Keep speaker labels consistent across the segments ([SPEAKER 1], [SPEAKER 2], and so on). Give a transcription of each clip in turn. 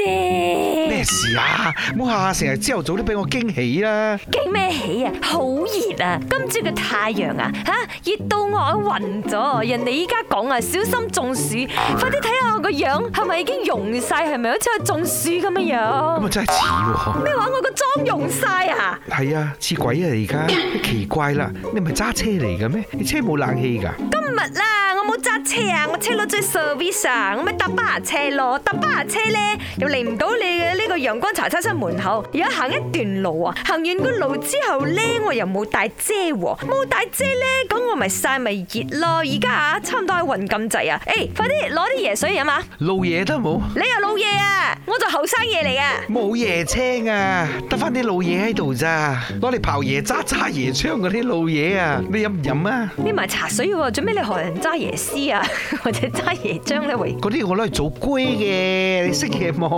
[SPEAKER 1] 咩
[SPEAKER 2] 事啊？唔好下成日朝頭早，上早上都俾我驚喜啦！
[SPEAKER 1] 驚咩喜啊？好熱啊！今朝嘅太陽啊，吓、啊、熱到我都暈咗。人哋依家講啊，小心中暑。啊、快啲睇下我個樣係咪已經溶晒，係咪好似去中暑咁樣樣？咁、
[SPEAKER 2] 嗯、啊真係似。咩話？
[SPEAKER 1] 我個妝溶晒啊？
[SPEAKER 2] 係啊，似鬼啊！而家奇怪啦，你唔係揸車嚟嘅咩？你車冇冷氣噶？
[SPEAKER 1] 今日啦、啊，我冇揸車啊！我車攞咗 service 啊！我咪搭巴士咯，搭巴士咧又嚟唔到你嘅呢個陽光茶餐廳門口。而家行一段路啊，行完個路之後咧，我又冇帶遮喎，冇帶遮咧，咁我咪晒咪熱咯。而家啊，差唔多係暈咁滯啊！誒，快啲攞啲椰水飲啊，
[SPEAKER 2] 老嘢得冇？
[SPEAKER 1] 你又老嘢啊？我就後生嘢嚟噶，
[SPEAKER 2] 冇椰青啊，得翻啲老嘢喺度咋？攞嚟刨椰渣、揸椰槍嗰啲老嘢啊！你飲唔飲啊？
[SPEAKER 1] 你買茶水喎，做咩你學人揸椰？知啊，或者
[SPEAKER 2] 揸椰漿咧，嗰啲我攞嚟做龜嘅，你識嘢冇？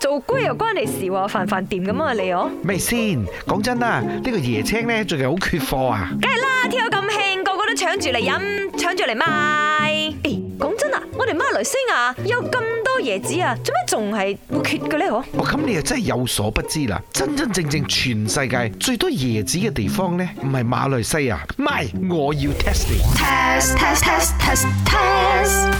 [SPEAKER 1] 做龜又關你事喎，
[SPEAKER 2] 飯飯掂咁啊你哦？咩先？講真啦，呢個椰青咧最近好缺貨啊！梗係
[SPEAKER 1] 啦，天有咁興，個個都搶住嚟飲，搶住嚟賣。誒，講真啊。馬來西亞有咁多椰子啊，做咩仲係會缺嘅呢？嗬、
[SPEAKER 2] 哦！我咁你又真係有所不知啦，真真正正全世界最多椰子嘅地方咧，唔係馬來西亞。MY，我要 test 你。test test test test test。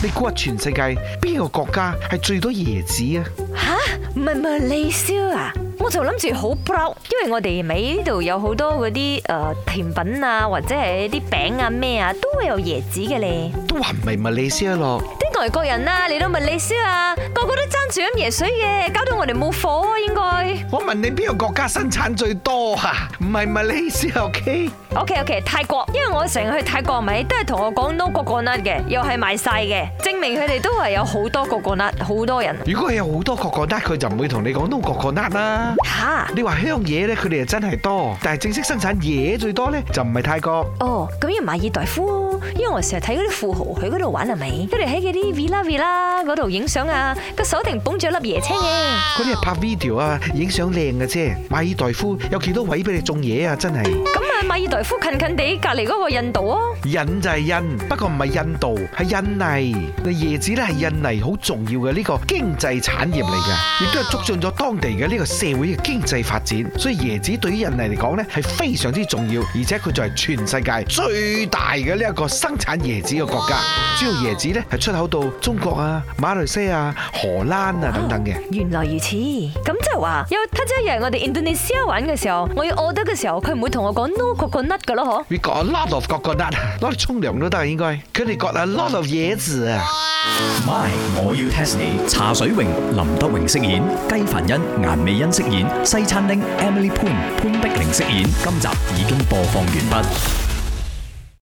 [SPEAKER 2] 你估下全世界邊個國家係最多椰子啊？吓，
[SPEAKER 1] 唔係唔係，利啊？我就諗住好 bulb，因為我哋美呢度有好多嗰啲誒甜品啊，或者係啲餅啊咩啊，都會有椰子嘅咧，都唔
[SPEAKER 2] 係馬來西亞咯。
[SPEAKER 1] 外國人啦、啊，嚟到 Malaysia 啊，個個都爭住飲椰水嘅，搞到我哋冇火、啊、
[SPEAKER 2] 應該。我問你邊個國家生產最多啊？唔係 Malaysia？O K
[SPEAKER 1] O K O K，泰國，因為我成日去泰國咪，都係同我講 no 個個甩嘅，又係賣晒嘅，證明佢哋都係有好多個個甩，好多人。
[SPEAKER 2] 如果係有好多個個甩，佢哈就唔會同你講 no 個個甩啦。吓，你話香嘢咧，佢哋係真係多，但係正式生產嘢最多咧，就唔係泰國。
[SPEAKER 1] 哦，咁要馬爾代夫、啊，因為我成日睇嗰啲富豪去嗰度玩係咪？佢哋喺嗰啲。V 啦 V 啦，嗰度影相啊，個鎖定捧住粒椰青嘅。
[SPEAKER 2] 嗰啲係拍 video 啊，影相靚嘅啫。馬爾代夫有幾多位俾你種嘢啊？真係。
[SPEAKER 1] 咁啊，馬爾代夫近近地隔籬嗰個印度啊，
[SPEAKER 2] 印就係印，不過唔係印度，係印尼。椰子咧係印尼好重要嘅呢個經濟產業嚟嘅，亦都係促進咗當地嘅呢個社會嘅經濟發展。所以椰子對於印尼嚟講咧係非常之重要，而且佢就係全世界最大嘅呢一個生產椰子嘅國家。主要椰子咧係出口到。到中國啊、馬來西亞、荷蘭啊等等嘅，原來如此。咁即係
[SPEAKER 1] 話，有佢即係入嚟我哋 Indonesia 玩嘅時候，我要 order 嘅時候，佢唔會同我講 no coconut 噶咯
[SPEAKER 2] 嗬。We got a lot of coconut，攞嚟沖涼都得應該。Cause we got a lot of 椰子。哇！My，我要 test 你。茶水榮、林德榮飾演，雞凡欣、顏
[SPEAKER 1] 美欣飾演，西餐廳 Emily Poon、潘碧玲飾演。今集已經播放完畢。